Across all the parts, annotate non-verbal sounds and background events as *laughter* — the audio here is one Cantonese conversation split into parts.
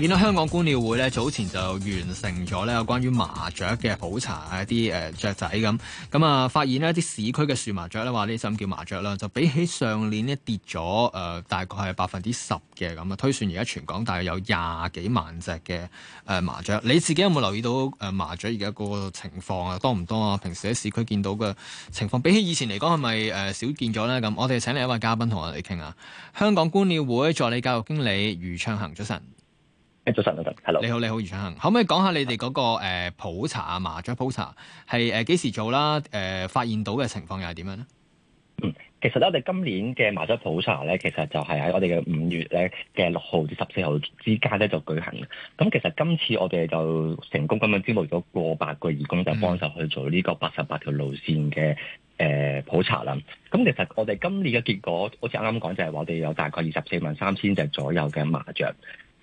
見到香港觀鳥會咧，早前就完成咗咧有關於麻雀嘅普查，一啲誒、呃、雀仔咁咁啊，發現咧一啲市區嘅樹麻雀咧，話呢啲叫麻雀啦，就比起上年咧跌咗誒、呃，大概係百分之十嘅咁啊。推算而家全港大約有廿幾萬隻嘅誒麻雀。你自己有冇留意到誒、呃、麻雀而家個情況啊？多唔多啊？平時喺市區見到嘅情況，比起以前嚟講係咪誒少見咗呢？咁我哋請嚟一位嘉賓同我哋傾啊。香港觀鳥會助理教育經理余暢恒早晨。早晨，老鄧，係咯，你好，你好，余暢恒，可唔可以講下你哋嗰、那個誒、嗯、普查啊，麻雀普查係誒幾時做啦？誒，發現到嘅情況又係點樣咧？嗯，其實咧，我哋今年嘅麻雀普查咧，其實就係喺我哋嘅五月咧嘅六號至十四號之間咧就舉行嘅。咁其實今次我哋就成功咁樣招募咗過百個義工，就幫手去做呢個八十八條路線嘅誒普查啦。咁、嗯、其實我哋今年嘅結果，好似啱啱講就係我哋有大概二十四萬三千隻左右嘅麻雀。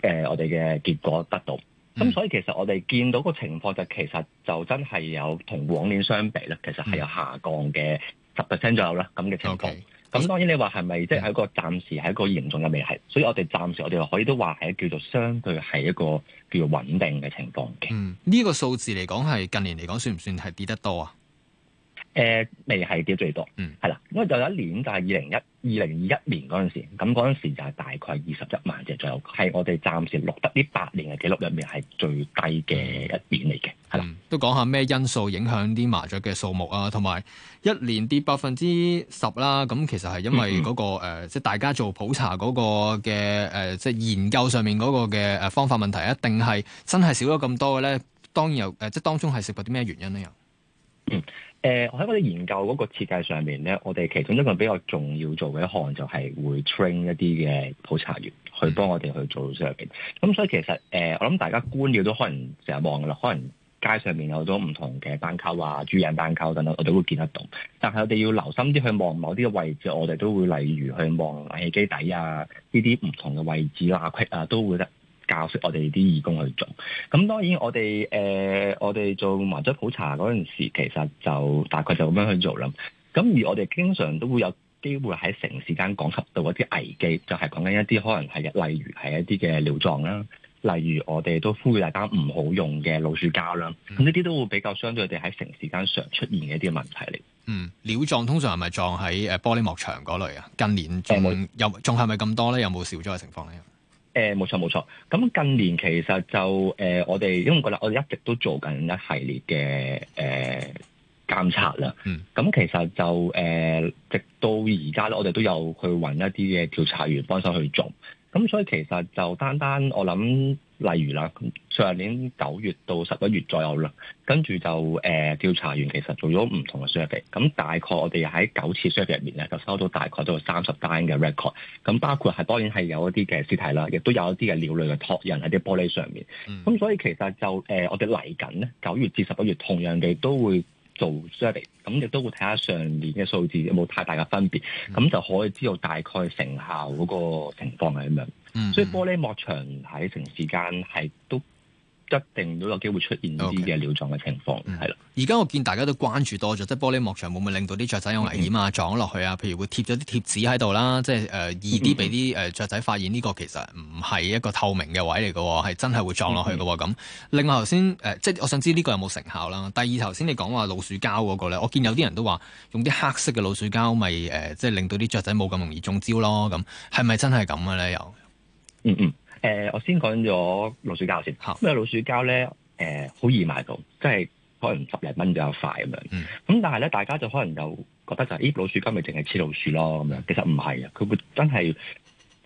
誒、呃，我哋嘅結果得到，咁、嗯、所以其實我哋見到個情況就其實就真係有同往年相比咧，其實係有下降嘅十 percent 左右啦，咁嘅情況。咁當然你話係咪即係喺個暫時係一個嚴重嘅未係？所以我哋暫時我哋可以都話係叫做相對係一個叫做穩定嘅情況嘅。嗯，呢、這個數字嚟講係近年嚟講算唔算係跌得多啊？誒、呃，未係跌最多，嗯，係啦，因為就有一年就係二零一。二零二一年嗰陣時，咁嗰陣時就係大概二十一萬隻左右，係我哋暫時錄得呢八年嘅記錄入面係最低嘅一年嚟嘅。係啦。嗯，都講下咩因素影響啲麻雀嘅數目啊，同埋一年跌百分之十啦。咁其實係因為嗰、嗰個即係、嗯呃、大家做普查嗰個嘅誒，即、呃、係研究上面嗰個嘅誒方法問題啊，定係真係少咗咁多嘅咧？當然有誒、呃，即係當中係涉及啲咩原因咧？又嗯。誒，喺、呃、我哋研究嗰個設計上面咧，我哋其中一個比較重要做嘅一項就係會 train 一啲嘅普查員去幫我哋去做上邊、嗯。咁所以其實誒、呃，我諗大家觀鳥都可能成日望噶啦，可能街上面有咗唔同嘅斑鳩啊、珠頸斑鳩等等，我哋都會見得到。但係我哋要留心啲去望某啲嘅位置，我哋都會例如去望冷氣機底啊呢啲唔同嘅位置啦，啊都會得。教識我哋啲義工去做，咁當然我哋誒、呃、我哋做麻雀普查嗰陣時，其實就大概就咁樣去做啦。咁而我哋經常都會有機會喺城市間講及到一啲危機，就係講緊一啲可能係例如係一啲嘅鳥狀啦，例如我哋都呼籲大家唔好用嘅老鼠膠啦。咁呢啲都會比較相對地喺城市間常出現嘅一啲問題嚟。嗯，鳥狀通常係咪撞喺誒玻璃幕牆嗰類啊？近年仲有仲係咪咁多咧？有冇少咗嘅情況咧？誒，冇錯冇錯，咁近年其實就，誒， *noise* 我哋因為覺得，我哋一直都做緊一系列嘅誒監察啦。咁其實就，誒，直到而家咧，我哋都有去搵一啲嘅調查員幫手去做。咁、嗯、所以其實就單單我諗，例如啦，上年九月到十一月左右啦，跟住就誒、呃、調查員其實做咗唔同嘅 survey，咁大概我哋喺九次 survey 入面咧，就收到大概都有三十單嘅 record，咁包括係當然係有一啲嘅屍體啦，亦都有一啲嘅鳥類嘅托印喺啲玻璃上面。咁、嗯嗯、所以其實就誒、呃，我哋嚟緊咧九月至十一月，同樣嘅都會。做出嚟，咁亦都會睇下上年嘅數字有冇太大嘅分別，咁、mm hmm. 就可以知道大概成效嗰個情況係點樣。Mm hmm. 所以玻璃幕牆喺城市間係都。一定都有機會出現呢啲嘅鳥狀嘅情況，係啦、okay. 嗯。而家了我見大家都關注多咗，即係玻璃幕牆會唔會令到啲雀仔有危險啊？嗯、撞落去啊？譬如會貼咗啲貼紙喺度啦，即係誒、呃、易啲俾啲誒雀仔發現呢個其實唔係一個透明嘅位嚟嘅，係真係會撞落去嘅咁、嗯。另外頭先誒，即係我想知呢個有冇成效啦。第二頭先你講話老鼠膠嗰、那個咧，我見有啲人都話用啲黑色嘅老鼠膠咪、就、誒、是呃呃，即係令到啲雀仔冇咁容易中招咯。咁係咪真係咁嘅咧？又？嗯嗯，誒、呃、我先講咗老鼠膠先，咁啊老鼠膠咧，誒好易買到，即係可能十零蚊有一塊咁樣。咁但係咧，大家就可能就覺得就咦，老鼠膠咪淨係黐老鼠咯咁樣，其實唔係啊，佢會真係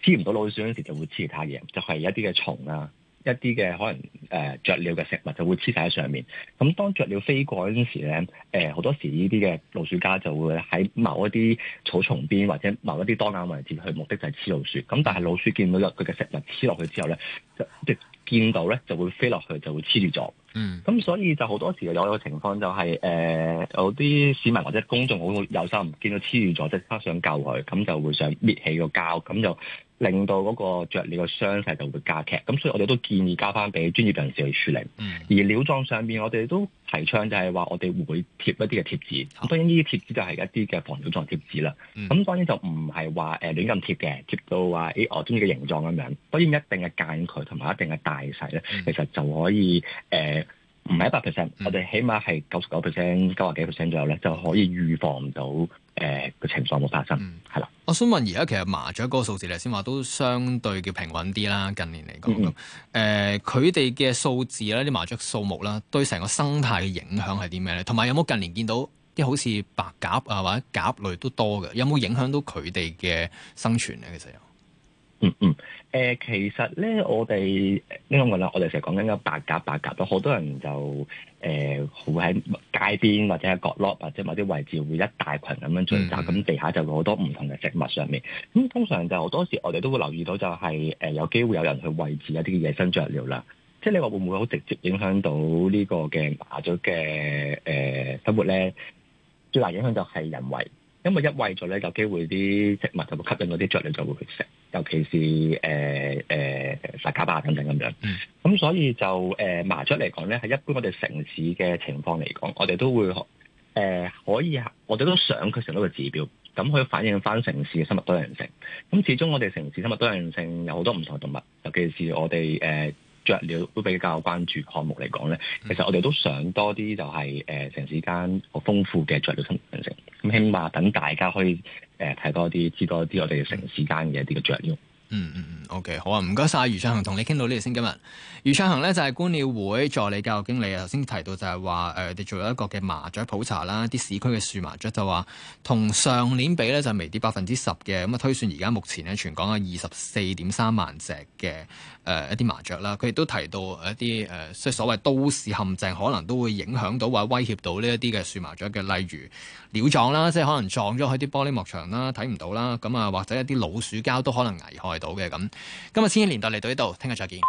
黐唔到老鼠嗰陣時就會黐其他嘢，就係、是、一啲嘅蟲啦、啊。一啲嘅可能誒雀、呃、鳥嘅食物就會黐晒喺上面，咁當雀鳥飛過嗰陣時咧，誒、呃、好多時呢啲嘅老鼠家就會喺某一啲草叢邊或者某一啲多眼位置去，目的就係黐老鼠。咁但係老鼠到見到佢嘅食物黐落去之後咧，就見到咧就會飛落去就會黐住咗。嗯，咁所以就好多時有個情況就係、是、誒、呃、有啲市民或者公眾好有心，見到黐住咗即刻想救佢，咁就會想搣起個膠，咁就。令到嗰個雀鳥個傷勢就會加劇，咁所以我哋都建議交翻俾專業人士去處理。嗯、而鳥狀上面，我哋都提倡就係話，我哋會貼一啲嘅貼紙。咁當然呢啲貼紙就係一啲嘅防鳥狀貼紙啦。咁、嗯、當然就唔係話誒亂咁貼嘅，貼到話誒、欸、我中意嘅形狀咁樣。當然一定嘅間距，同埋一定嘅大小咧，嗯、其實就可以誒唔係一百 percent，我哋起碼係九十九 percent、九廿幾 percent 左右咧，就可以預防到。誒，個、呃、情況冇發生，係啦、嗯。吧我想問，而家其實麻雀嗰個數字嚟先話都相對叫平穩啲啦。近年嚟講，誒、嗯嗯，佢哋嘅數字啦，啲麻雀數目啦，對成個生態嘅影響係啲咩咧？同埋有冇近年見到啲好似白鴿啊，或者鴿類都多嘅，有冇影響到佢哋嘅生存咧？其實有，嗯嗯。誒、呃，其實咧，我哋呢種嘅咧，我哋成日講緊嘅白鴿白鴿，都好多人就誒、呃，會喺街邊或者係角落或者某啲位置，會一大群咁樣聚集，咁、嗯嗯、地下就會好多唔同嘅食物上面。咁、嗯、通常就好多時，我哋都會留意到，就是，就係誒，有機會有人去喂飼一啲野生雀鳥啦。即係你話會唔會好直接影響到呢個嘅麻雀嘅誒生活咧？最大影響就係人為，因為一喂咗咧，有機會啲食物就會吸引到啲雀鳥就會去食。尤其是誒誒薩卡巴等等咁樣。嗯。咁所以就誒、呃、麻雀嚟講咧，係一般我哋城市嘅情況嚟講，我哋都會誒、呃、可以，我哋都想佢成到個指標，咁可以反映翻城市嘅生物多樣性。咁始終我哋城市生物多樣性有好多唔同動物，尤其是我哋誒雀鳥都比較關注項目嚟講咧，嗯、其實我哋都想多啲就係誒城市間好豐富嘅雀鳥生物多樣性。咁起碼等大家可以。誒睇多啲，知多啲，我哋城市間嘅一啲嘅作用。嗯嗯嗯，OK，好啊，唔該晒。余暢恒同你傾到呢度先今日。余暢恒呢，就係觀鳥會助理教育經理，頭先提到就係話誒，哋、呃、做一個嘅麻雀普查啦，啲市區嘅樹麻雀就話同上年比呢，就微跌百分之十嘅，咁啊、嗯、推算而家目前呢，全港有二十四點三萬隻嘅誒一啲麻雀啦，佢亦都提到一啲誒即係所謂都市陷阱可能都會影響到或者威脅到呢一啲嘅樹麻雀嘅，例如鳥撞啦，即係可能撞咗喺啲玻璃幕牆啦，睇唔到啦，咁、嗯、啊或者一啲老鼠膠都可能危害。到嘅咁，今日千禧年代嚟到呢度，聽日再見。